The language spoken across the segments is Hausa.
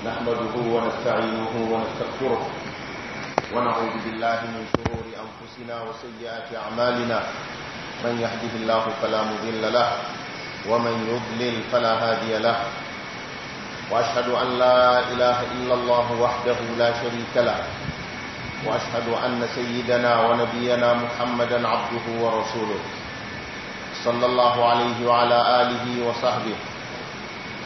نحمده ونستعينه ونستغفره ونعوذ بالله من شرور أنفسنا وسيئات أعمالنا من يهده الله فلا مذل له ومن يضلل فلا هادي له وأشهد أن لا إله إلا الله وحده لا شريك له وأشهد أن سيدنا ونبينا محمدا عبده ورسوله صلى الله عليه وعلى آله وصحبه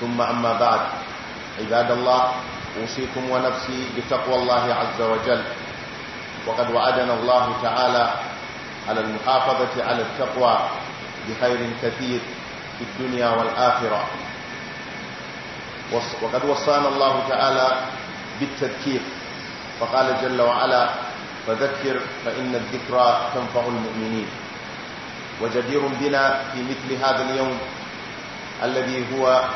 ثم أما بعد عباد الله أوصيكم ونفسي بتقوى الله عز وجل وقد وعدنا الله تعالى على المحافظة على التقوى بخير كثير في الدنيا والآخرة وقد وصانا الله تعالى بالتذكير فقال جل وعلا فذكر فإن الذكرى تنفع المؤمنين وجدير بنا في مثل هذا اليوم الذي هو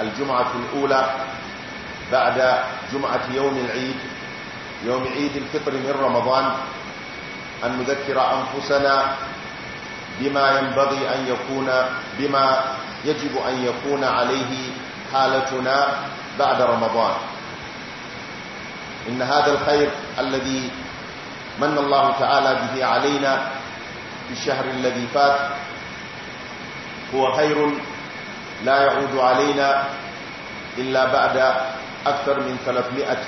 الجمعة الأولى بعد جمعة يوم العيد يوم عيد الفطر من رمضان أن نذكر أنفسنا بما ينبغي أن يكون بما يجب أن يكون عليه حالتنا بعد رمضان إن هذا الخير الذي من الله تعالى به علينا في الشهر الذي فات هو خير لا يعود علينا إلا بعد أكثر من ثلاثمائة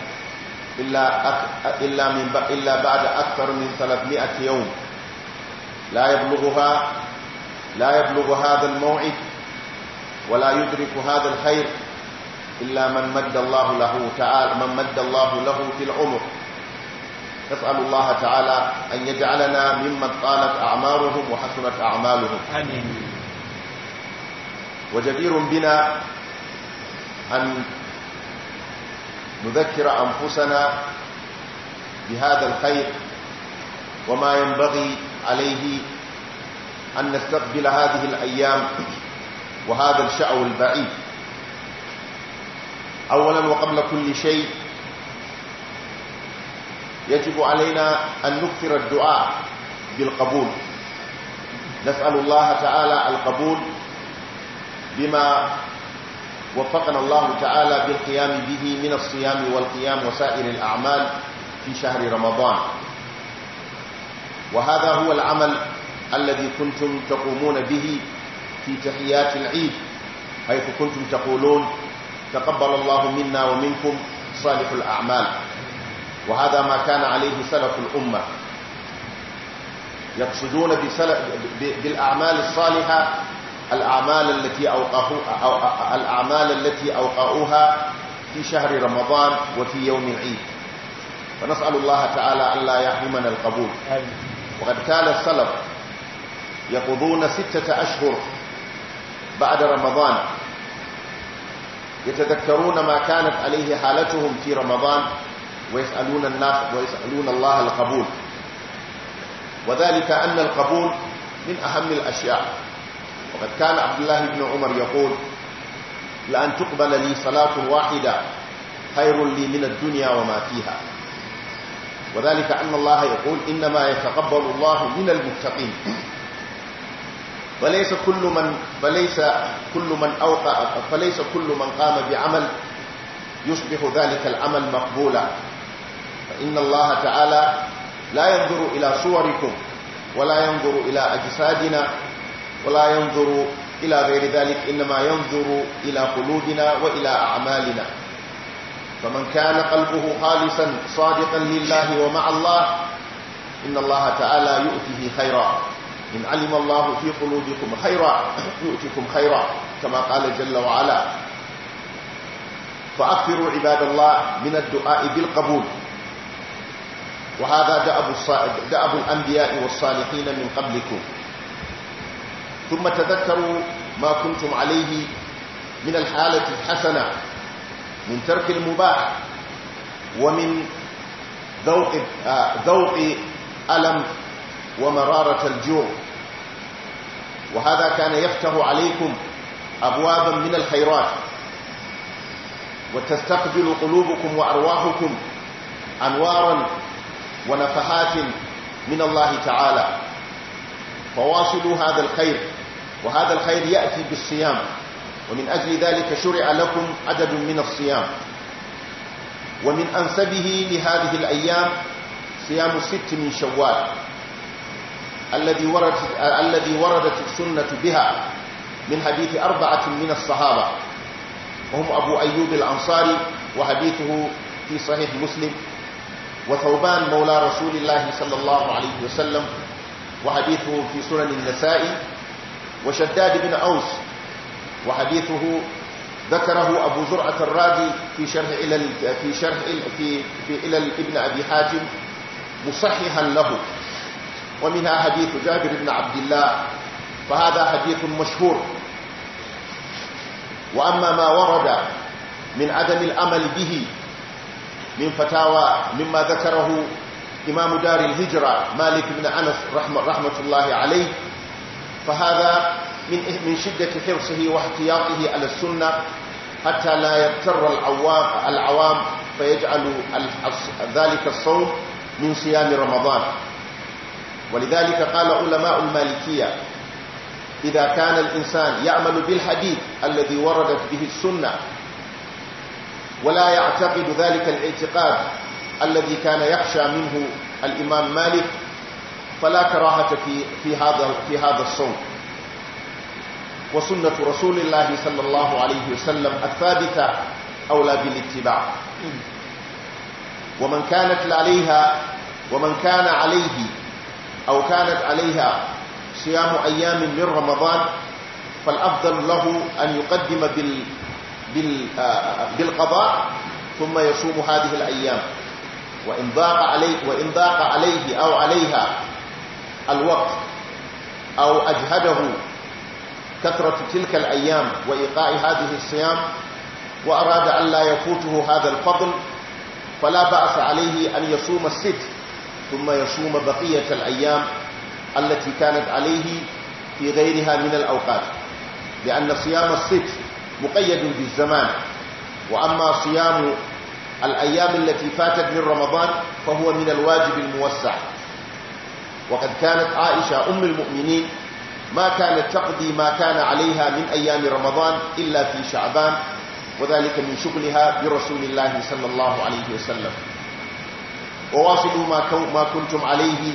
إلا أك إلا من إلا بعد أكثر من ثلاثمائة يوم لا يبلغها لا يبلغ هذا الموعد ولا يدرك هذا الخير إلا من مد الله له تعالى من مد الله له في العمر نسأل الله تعالى أن يجعلنا ممن طالت أعمارهم وحسنت أعمالهم آمين وجدير بنا أن نذكر أنفسنا بهذا الخير وما ينبغي عليه أن نستقبل هذه الأيام وهذا الشعو البعيد أولا وقبل كل شيء يجب علينا أن نكثر الدعاء بالقبول نسأل الله تعالى القبول بما وفقنا الله تعالى بالقيام به من الصيام والقيام وسائر الأعمال في شهر رمضان وهذا هو العمل الذي كنتم تقومون به في تحيات العيد حيث كنتم تقولون تقبل الله منا ومنكم صالح الأعمال وهذا ما كان عليه سلف الأمة يقصدون بالأعمال الصالحة الأعمال التي أوقعوها الأعمال التي أوقعوها في شهر رمضان وفي يوم العيد فنسأل الله تعالى أن لا يحرمنا القبول وقد كان السلف يقضون ستة أشهر بعد رمضان يتذكرون ما كانت عليه حالتهم في رمضان ويسألون الناس ويسألون الله القبول وذلك أن القبول من أهم الأشياء وقد كان عبد الله بن عمر يقول لأن تقبل لي صلاة واحدة خير لي من الدنيا وما فيها وذلك أن الله يقول إنما يتقبل الله من المتقين فليس كل من فليس كل من أوقع فليس كل من قام بعمل يصبح ذلك العمل مقبولا فإن الله تعالى لا ينظر إلى صوركم ولا ينظر إلى أجسادنا ولا ينظر إلى غير ذلك إنما ينظر إلى قلوبنا وإلى أعمالنا فمن كان قلبه خالصا صادقا لله ومع الله إن الله تعالى يؤتيه خيرا إن علم الله في قلوبكم خيرا يؤتكم خيرا كما قال جل وعلا فأكثروا عباد الله من الدعاء بالقبول وهذا دأب, الص... دأب الأنبياء والصالحين من قبلكم ثم تذكروا ما كنتم عليه من الحالة الحسنة من ترك المباح ومن ذوق آه، ذوق ألم ومرارة الجوع وهذا كان يفتح عليكم أبوابا من الخيرات وتستقبل قلوبكم وأرواحكم أنوارا ونفحات من الله تعالى فواصلوا هذا الخير وهذا الخير يأتي بالصيام ومن أجل ذلك شرع لكم عدد من الصيام ومن أنسبه لهذه الأيام صيام الست من شوال الذي وردت, الذي وردت السنة بها من حديث أربعة من الصحابة وهم أبو أيوب الأنصاري وحديثه في صحيح مسلم وثوبان مولى رسول الله صلى الله عليه وسلم وحديثه في سنن النسائي وشداد بن أوس وحديثه ذكره أبو زرعة الرازي في شرح إلى في شرح في في إلى ابن أبي حاتم مصححا له ومنها حديث جابر بن عبد الله فهذا حديث مشهور وأما ما ورد من عدم الأمل به من فتاوى مما ذكره إمام دار الهجرة مالك بن أنس رحمة, رحمة الله عليه فهذا من من شدة حرصه واحتياطه على السنة حتى لا يضطر العوام العوام فيجعل ذلك الصوم من صيام رمضان ولذلك قال علماء المالكية إذا كان الإنسان يعمل بالحديث الذي وردت به السنة ولا يعتقد ذلك الاعتقاد الذي كان يخشى منه الإمام مالك فلا كراهة في في هذا في هذا الصوم وسنة رسول الله صلى الله عليه وسلم الثابتة أولى بالاتباع ومن كانت عليها ومن كان عليه أو كانت عليها صيام أيام من رمضان فالأفضل له أن يقدم بال بال آه، بالقضاء ثم يصوم هذه الأيام وإن ضاق عليه, وإن ضاق عليه أو عليها الوقت أو أجهده كثرة تلك الأيام وإيقاع هذه الصيام وأراد أن لا يفوته هذا الفضل فلا بأس عليه أن يصوم الست ثم يصوم بقية الأيام التي كانت عليه في غيرها من الأوقات لأن صيام الست مقيد بالزمان وأما صيام الأيام التي فاتت من رمضان فهو من الواجب الموسع وقد كانت عائشة أم المؤمنين ما كانت تقضي ما كان عليها من أيام رمضان إلا في شعبان وذلك من شغلها برسول الله صلى الله عليه وسلم وواصلوا ما, كنتم عليه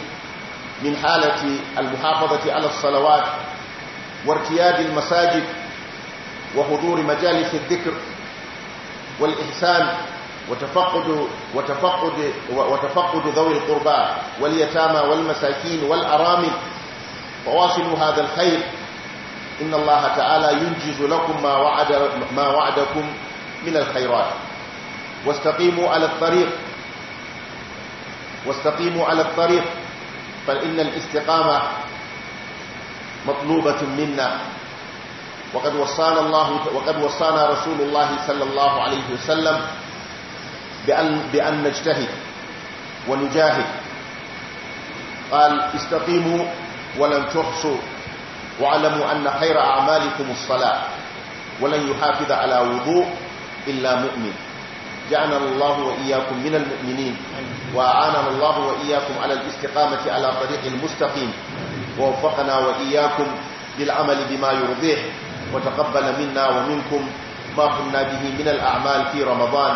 من حالة المحافظة على الصلوات وارتياد المساجد وحضور مجالس الذكر والإحسان وتفقد وتفقد وتفقد ذوي القربى واليتامى والمساكين والأرامل فواصلوا هذا الخير إن الله تعالى ينجز لكم ما وعد ما وعدكم من الخيرات واستقيموا على الطريق واستقيموا على الطريق فإن الاستقامة مطلوبة منا وقد وصانا الله وقد وصانا رسول الله صلى الله عليه وسلم بأن, بأن نجتهد ونجاهد قال استقيموا ولن تحصوا واعلموا أن خير أعمالكم الصلاة ولن يحافظ على وضوء إلا مؤمن جعلنا الله وإياكم من المؤمنين وأعاننا الله وإياكم على الاستقامة على طريق المستقيم ووفقنا وإياكم للعمل بما يرضيه وتقبل منا ومنكم ما قمنا به من الأعمال في رمضان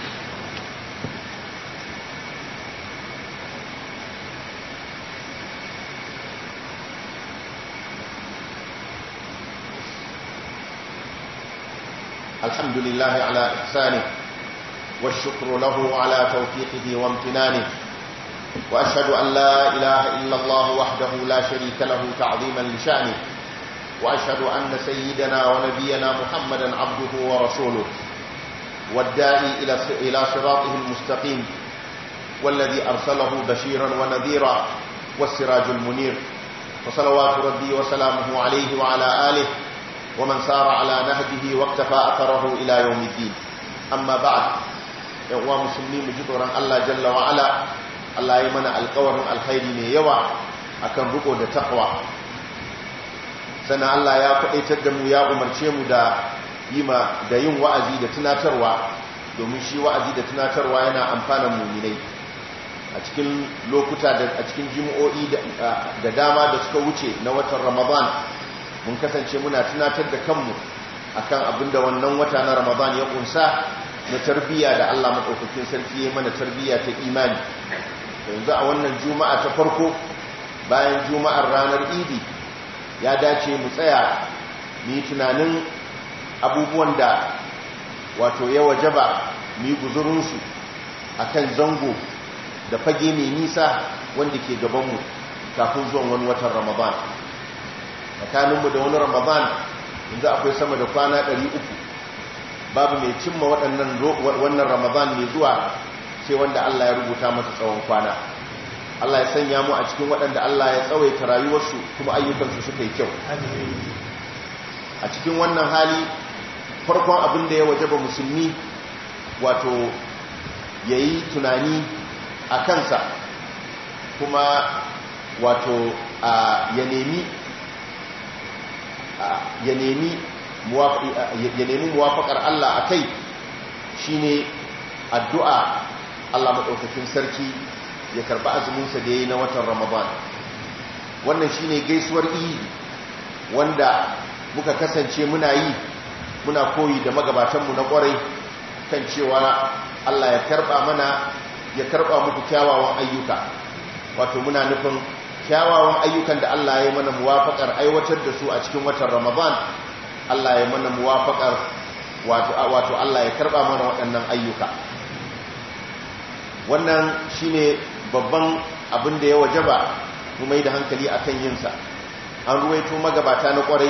الحمد لله على إحسانه والشكر له على توفيقه وامتنانه وأشهد أن لا إله إلا الله وحده لا شريك له تعظيما لشأنه وأشهد أن سيدنا ونبينا محمدا عبده ورسوله والداعي إلى صراطه المستقيم والذي أرسله بشيرا ونذيرا والسراج المنير وصلوات ربي وسلامه عليه وعلى آله ومن سار على نهجه واقتفى أثره إلى يوم الدين أما بعد إغوى مسلمين جدورا الله جل وعلا الله يمنع القور الخير من يوى أكن رقو دا تقوى سنة الله يا فأيتد مو يا عمر تيمو دا يما دا يوم وأزي دا تناتروا domin shi wa'azi da tunatarwa yana amfana muminai a cikin lokuta da a cikin jumu'o'i da dama da suka wuce na watan ramadan mun kasance muna tunatar da kanmu akan abinda wannan wata na ramadan ya kunsa na tarbiyya da Allah madaukakin sarki ya mana tarbiya ta imani yanzu a wannan juma'a ta farko bayan juma'ar ranar idi ya dace mu tsaya ni tunanin abubuwan da wato ya wajaba ni guzurinsu kan zango da fage mai nisa wanda ke gabanmu kafin zuwan wani watan ramadan tsakaninmu da wani ramadan yanzu akwai sama da kwana 300 babu mai cimma waɗannan wannan ramadan mai zuwa sai wanda Allah ya rubuta masa tsawon kwana Allah ya sanya mu a cikin waɗanda Allah ya tsawaita rayuwarsu kuma ayyukansu suka yi kyau a cikin wannan hali farkon abin da ya waje ba musulmi wato ya yi tunani a kansa kuma wato ya nemi ya nemi muwafakar Allah a kai shi ne addu'a Allah maɗaukakin sarki ya karɓi azuminsa da ya yi na watan Ramadan wannan shi ne gaisuwar iyi wanda muka kasance muna yi muna koyi da magabatanmu na ƙwarai kan cewa Allah ya karɓa mana ya karɓa muku kyawawan ayyuka wato muna nufin kyawawan ayyukan da Allah ya yi mana muwafakar aiwatar da su a cikin watan Ramadan Allah ya mana muwafakar wato wato Allah ya karba mana waɗannan ayyuka wannan shine babban abin da ya wajaba mu mai da hankali akan yin sa an ruwaito magabata na kwarai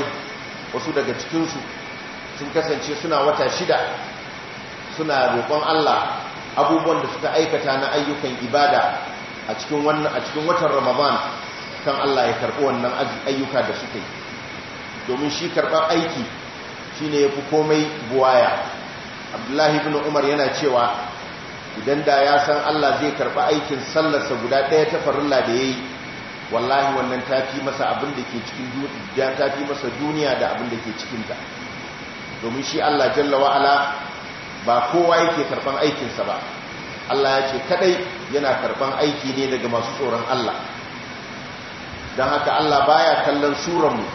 wasu daga cikinsu su sun kasance suna wata shida suna roƙon Allah abubuwan da suka aikata na ayyukan ibada a cikin a cikin watan Ramadan kan Allah ya karɓi wannan ayyuka da suka yi domin shi karɓar aiki shi ne ya fi komai buwaya abdullahi bin umar yana cewa idan da ya san Allah zai karɓi aikin sallarsa guda ɗaya ta farilla da ya yi wallahi wannan ta fi masa abin da ke cikin duniya ta fi masa duniya da abin da ke cikinta domin shi Allah jalla wa'ala ba kowa yake karɓar aikinsa ba Allah ya ce kaɗai yana karɓar aiki ne daga masu tsoron Allah don haka Allah baya kallon suranmu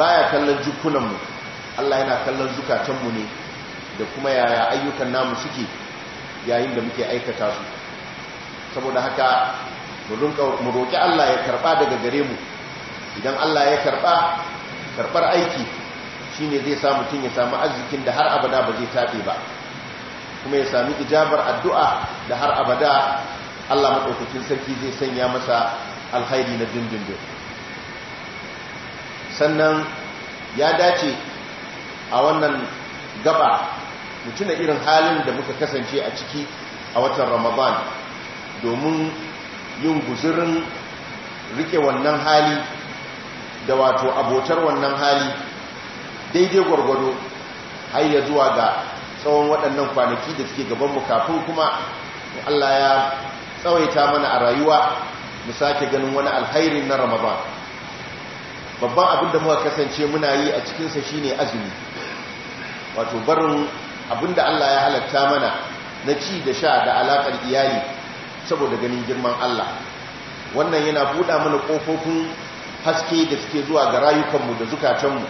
baya kallon jukunanmu Allah yana kallon zukatanmu ne da kuma yaya ayyukan namu suke yayin da muke aikata su saboda haka mu roƙi Allah ya karɓa daga gare mu idan Allah ya karɓa karɓar aiki shi ne zai samu mutum ya samu arzikin da har abada ba zai taɓe ba kuma ya sami ijabar addu'a da har abada Allah maɗaukakin sarki zai sanya masa alhaidi na dindindin sannan ya dace a wannan gaba mutuna irin halin da muka kasance a ciki a watan ramadan domin yin guzurin rike wannan hali da wato abotar wannan hali daidai gwargwado har ya zuwa ga tsawon waɗannan kwanaki da suke gabanmu kafin kuma Allah ya tsawaita mana a rayuwa mu sake ganin wani alhairi na ramadan babban abin da muka kasance muna yi a cikinsa shine azumi wato barin abin da Allah ya halatta mana na ci da sha da alakar iyali saboda ganin girman Allah wannan yana buɗa mana kofofin haske da suke zuwa ga rayukanmu da zukatanmu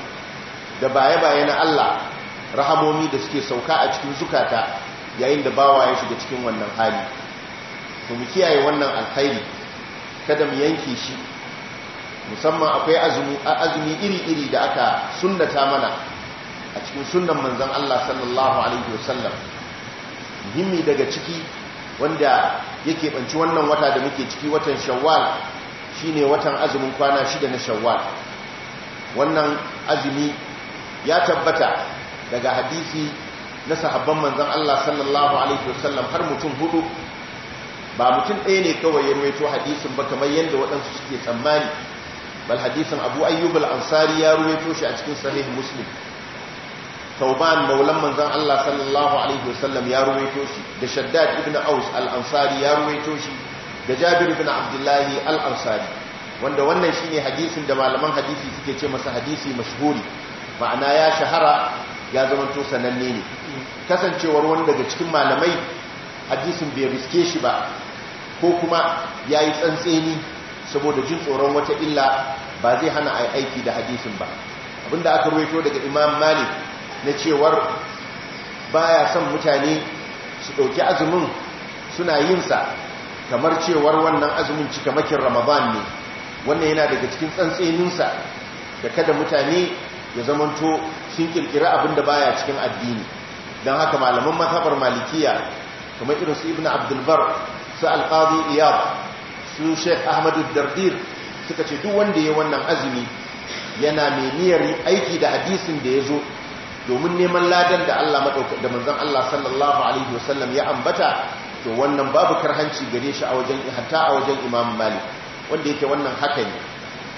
da baya-baya na Allah rahamomi da suke sauka a cikin zukata yayin da bawa ya shiga cikin wannan hali to mu kiyaye wannan alkhairi kada mu yanke shi musamman akwai azumi iri-iri da aka sunnata mana a cikin sunnan manzon Allah sallallahu alaihi wasallam muhimmi daga ciki wanda yake banci wannan wata da muke ciki watan shawwal shine watan azumin kwana shida na shawwal wannan azumi ya tabbata daga hadisi na sahabban manzan Allah sallallahu alaihi wasallam har mutum hudu ba mutum ɗaya ne kawai ya ruwaito hadisin ba kamar yadda waɗansu suke tsammani bal hadisin abu ayyub al-ansari ya ruwaito shi a cikin sahih muslim tauban maulan manzon Allah sallallahu alaihi wasallam ya ruwaito shi da shaddad ibn aus al-ansari ya ruwaito shi da jabir ibn Abdullahi al'ansari. wanda wannan shine hadisin da malaman hadisi suke ce masa hadisi mashhuri ma'ana ya shahara ya zama to sananne ne kasancewar wani daga cikin malamai hadisin bai riske shi ba ko kuma ya yi tsantseni saboda jin tsoron wata illa ba zai hana a aiki da hadisin ba abinda aka ruwaito daga imam malik na cewar ba ya son mutane su ɗauki azumin suna yinsa kamar cewar wannan azumin cika makin ramadan ne wannan yana daga cikin tsantseninsa da kada mutane ya zamanto sun kirkira abin da baya cikin addini don haka malaman matabar malikiya kamar irin su ibn abdulbar su alƙadi iyab su sheikh ahmadu dardir suka ce duk wanda ya wannan azumi yana mai niyyar aiki da hadisin da ya zo domin neman ladan da Allah da manzon Allah sallallahu alaihi wasallam ya ambata to wannan babu karhanci gare shi a wajen hatta a wajen Imam Malik wanda yake wannan haka ne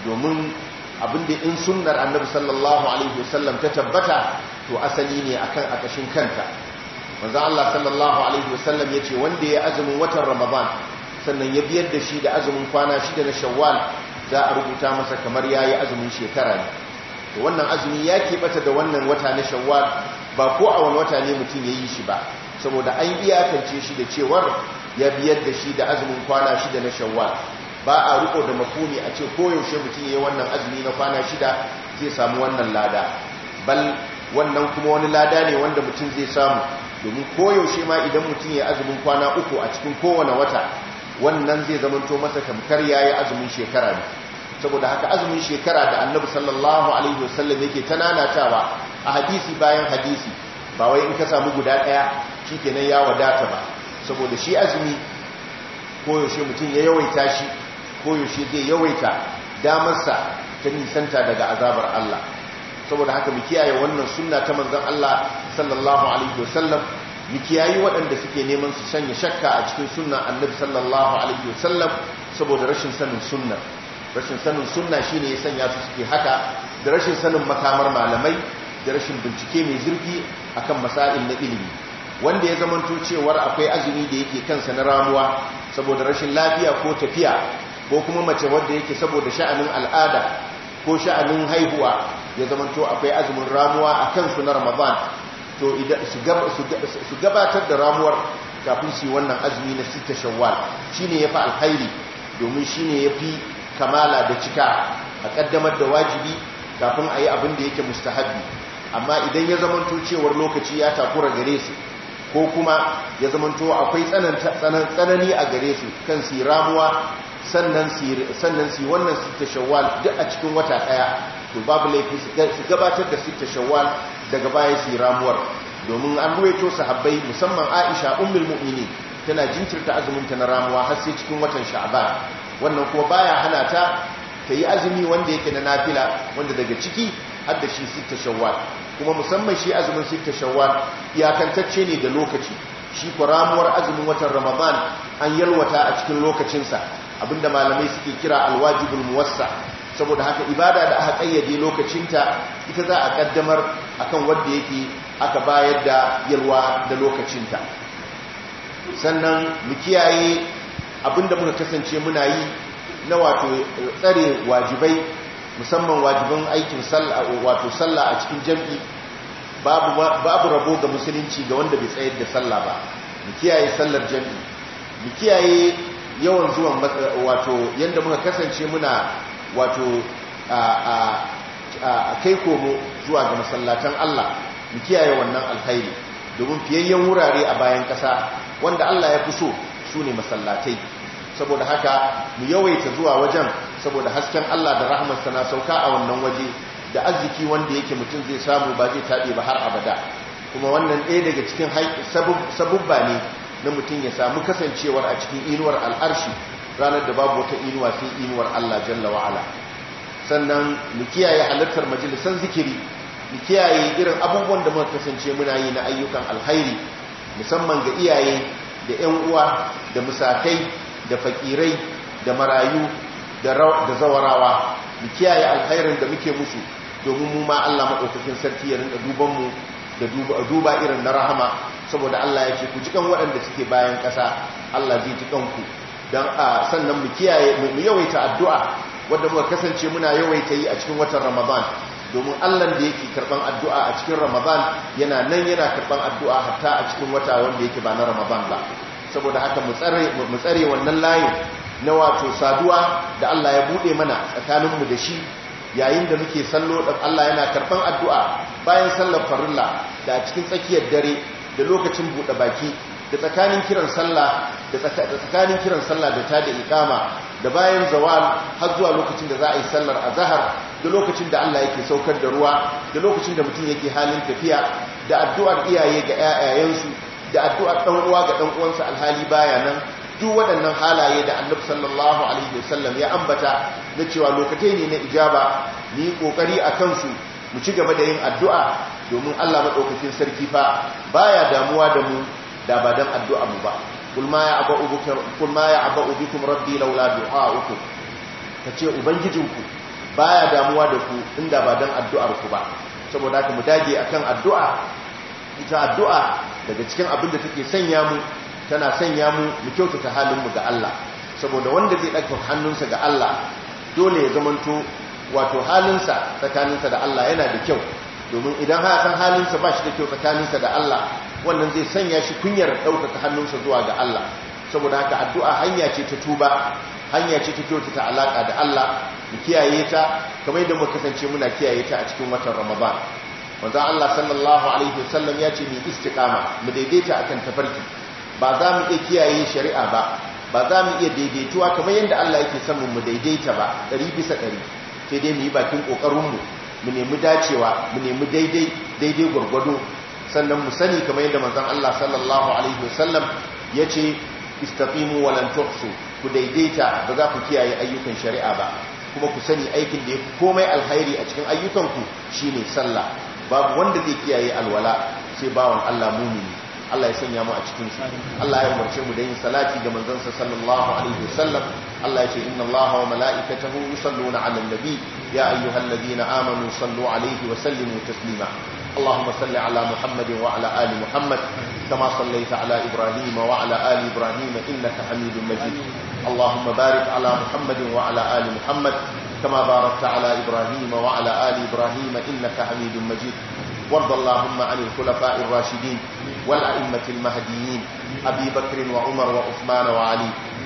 domin abin da in sunnar Annabi sallallahu alaihi wasallam ta tabbata to asali ne akan akashin kanta manzo Allah sallallahu alaihi wasallam yace wanda ya azumin watan Ramadan sannan ya biyar da shi da azumin kwana shida na Shawwal za a rubuta masa kamar yayi azumin shekara ne to wannan azumi ya bata da wannan wata na Shawwal ba ko a wani wata ne mutum yi shi ba saboda an iyakance shi da cewar ya biyar da shi da azumin kwana shida na Shawwal ba a riko da makumi a ce koyaushe mutum ya yi wannan azumi na kwana shida zai samu wannan lada bal wannan kuma wani lada ne wanda mutum zai samu domin koyaushe ma idan mutum ya azumin kwana uku a cikin kowane wata wannan zai zamanto masa tamkar ya yi azumin shekara ne saboda haka azumin shekara da annabi sallallahu alaihi wasallam yake tananatawa a hadisi bayan hadisi ba wai in ka samu guda ɗaya shi kenan ya wadata ba saboda shi azumi koyaushe mutum ya yawaita shi koyaushe zai yawaita damarsa ta nisanta daga azabar Allah saboda haka mu kiyaye wannan sunna ta manzon Allah sallallahu alaihi wasallam mu kiyayi waɗanda suke neman su sanya shakka a cikin sunna annabi sallallahu alaihi wasallam saboda rashin sanin sunna rashin sanin sunna shine ya sanya su suke haka da rashin sanin makamar malamai da rashin bincike mai zurfi akan masail na ilimi wanda ya zamanto cewar akwai azumi da yake kansa na ramuwa saboda rashin lafiya ko tafiya ko kuma mace wanda yake saboda sha'anin al'ada ko sha'anin haihuwa ya zamanto akwai azumin ramuwa a kansu na ramadan to su gabatar da ramuwar kafin su wannan azumi na sita shawwal ya fi alhairi domin shi ne ya fi kamala da cika a kaddamar da wajibi kafin a yi abin da yake mustahabi amma idan ya zamanto cewar lokaci ya takura gare su ko kuma ya zamanto akwai tsanani a gare su kan su ramuwa sannan su wannan sita shawwal duk a cikin wata ɗaya. to babu laifi su gabatar da sita shawwal daga baya su yi ramuwar domin an ruwaito sahabbai musamman Aisha ummul mumini tana jinkirta azumin ta na ramuwa har sai cikin watan Sha'aba. wannan kuma baya hana ta ta yi azumi wanda yake na nafila wanda daga ciki har da shi sita shawwal kuma musamman shi azumin sita shawwal iyakantacce ne da lokaci shi ko ramuwar azumin watan Ramadan an yalwata a cikin lokacinsa abinda malamai suke kira alwajibul muwassa saboda haka ibada da aka kayyade lokacinta ita za a kaddamar akan wanda yake aka bayar da yalwa da lokacinta sannan mu kiyaye abinda muka kasance muna yi na wato eh, tsare wajibai musamman wajibin aikin sallah wato sallah a cikin jami'i babu babu rabo ga musulunci ga wanda bai tsayar da sallah ba mu kiyaye sallar jami'i mu kiyaye yawan zuwan eh, wato yanda muka kasance muna wato a kai komo zuwa ga masallatan Allah mu kiyaye wannan alkhairi domin fiyayyen wurare a bayan ƙasa wanda Allah ya fi so su ne masallatai saboda haka mu yawaita zuwa wajen saboda hasken Allah da rahmar na sauka a wannan waje da arziki wanda yake mutum zai samu ba zai taɓe ba har abada kuma wannan ɗaya daga cikin sabubba ne na mutum ya samu kasancewar a cikin inuwar al'arshi ranar da babu wata inuwa sai inuwar Allah jalla wa'ala sannan mu kiyaye halartar majalisan zikiri mu kiyaye irin abubuwan da muka kasance muna yi na ayyukan alhairi musamman ga iyaye da 'yan uwa da musakai da fakirai da marayu da zawarawa mu kiyaye alkhairin da muke musu domin mu ma Allah madaukakin sarki ya rinka duban mu da duba irin na rahama saboda Allah ya ce ku jikan waɗanda suke bayan ƙasa Allah zai ji ku dan a sannan mu kiyaye mu yawaita addu'a wanda muka kasance muna yawaita yi a cikin watan Ramadan domin Allah da yake karban addu'a a cikin Ramadan yana nan yana karban addu'a hatta a cikin wata wanda yake ba na Ramadan ba saboda haka mu tsare mu tsare wannan layin na wato saduwa da Allah ya bude mana tsakanin mu da shi yayin da muke sallo da Allah yana karban addu'a bayan sallar farilla da cikin tsakiyar dare da lokacin bude baki da tsakanin kiran sallah da tsakanin kiran sallah da ta da ikama da bayan zawal har zuwa lokacin da za a yi sallar azahar da lokacin da Allah yake saukar da ruwa da lokacin da mutum yake halin tafiya da addu'ar iyaye ga 'ya'yayensu da addu'ar ɗan uwa ga ɗan uwansa alhali baya nan duk waɗannan halaye da annabi sallallahu alaihi wasallam ya ambata na cewa lokacin ne na ijaba ni kokari a kansu mu ci gaba da yin addu'a domin Allah madaukakin sarki fa baya damuwa da mu da ba dan addu'a mu ba kul ma ya'ba'u bikum rabbi laula uku kace ubangijinku baya damuwa da ku inda ba dan addu'ar ku ba saboda ka mu dage akan addu'a ita addu'a daga cikin abin da take sanya mu tana sanya mu mu kyautata halin mu ga Allah saboda wanda zai ɗauka hannunsa ga Allah dole ya zamanto wato halinsa tsakaninsa da Allah yana da kyau domin idan ha san halinsa ba shi da kyau tsakaninsa da Allah wannan zai sanya shi kunyar ɗaukaka hannunsa zuwa ga Allah saboda haka addu'a hanya ce ta tuba hanya ce ta ta alaƙa da Allah da kiyaye ta kamar yadda muka kasance muna kiyaye ta a cikin watan Ramadan wanda Allah sallallahu alaihi wasallam ya ce mai istikama mu daidaita akan tafarki ba za mu iya kiyaye shari'a ba ba za mu iya daidaituwa kamar yadda Allah yake samun mu daidaita ba ɗari bisa ɗari sai dai mu yi bakin ƙoƙarinmu mu nemi dacewa mu nemi daidai daidai gwargwado sannan mu sani kamar yadda manzon Allah sallallahu alaihi wasallam yace istaqimu wa lan ku daidaita ba za ku kiyaye ayyukan shari'a ba kuma ku sani aikin da yake komai alkhairi a cikin ayyukanku shine sallah babu wanda zai kiyaye alwala sai bawan Allah mumini Allah ya sanya mu a cikin su Allah ya umarce mu da yin salati ga manzansa sallallahu alaihi wasallam Allah ya ce inna Allaha wa mala'ikatahu yusalluna 'alan nabi ya ayyuhalladhina amanu sallu 'alaihi wa sallimu taslima اللهم صل على محمد وعلى آل محمد كما صليت على إبراهيم وعلى آل إبراهيم إنك حميد مجيد اللهم بارك على محمد وعلى آل محمد كما باركت على إبراهيم وعلى آل إبراهيم إنك حميد مجيد وارض اللهم عن الخلفاء الراشدين والأئمة المهديين أبي بكر وعمر وعثمان وعلي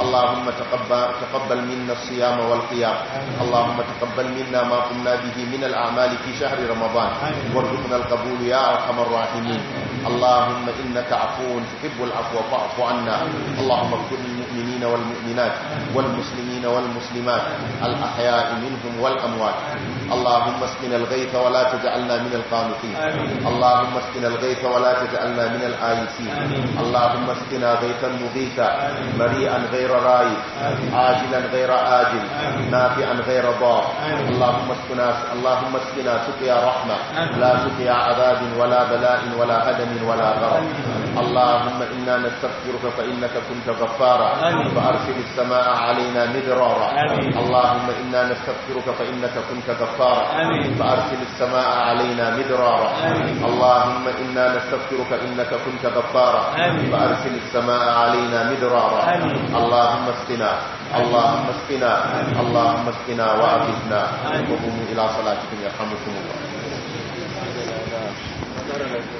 اللهم تقبل, تقبل منا الصيام والقيام اللهم تقبل منا ما قمنا به من الأعمال في شهر رمضان وارزقنا القبول يا أرحم الراحمين اللهم إنك عفو تحب العفو فاعف عنا اللهم اغفر للمؤمنين والمؤمنات والمسلمين والمسلمات الأحياء منهم والأموات اللهم اسقنا الغيث ولا تجعلنا من القانطين اللهم اسقنا الغيث ولا تجعلنا من الآيسين اللهم اسقنا غيثا مغيثا مريئا غير رائد عاجلا غير آجل نافعا غير ضار اللهم اسقنا اللهم اسقنا سقيا رحمة لا سقيا عذاب ولا بلاء ولا هدم هم ولا غم اللهم إنا نستغفرك فإنك كنت غفارا فأرسل السماء علينا مدرارا اللهم إنا نستغفرك فإنك كنت غفارا فأرسل السماء علينا مدرارا اللهم إنا نستغفرك إنك كنت غفارا فأرسل السماء علينا مدرارا اللهم اسقنا اللهم اسقنا اللهم اسقنا وأغثنا وقوموا إلى صلاتكم يرحمكم الله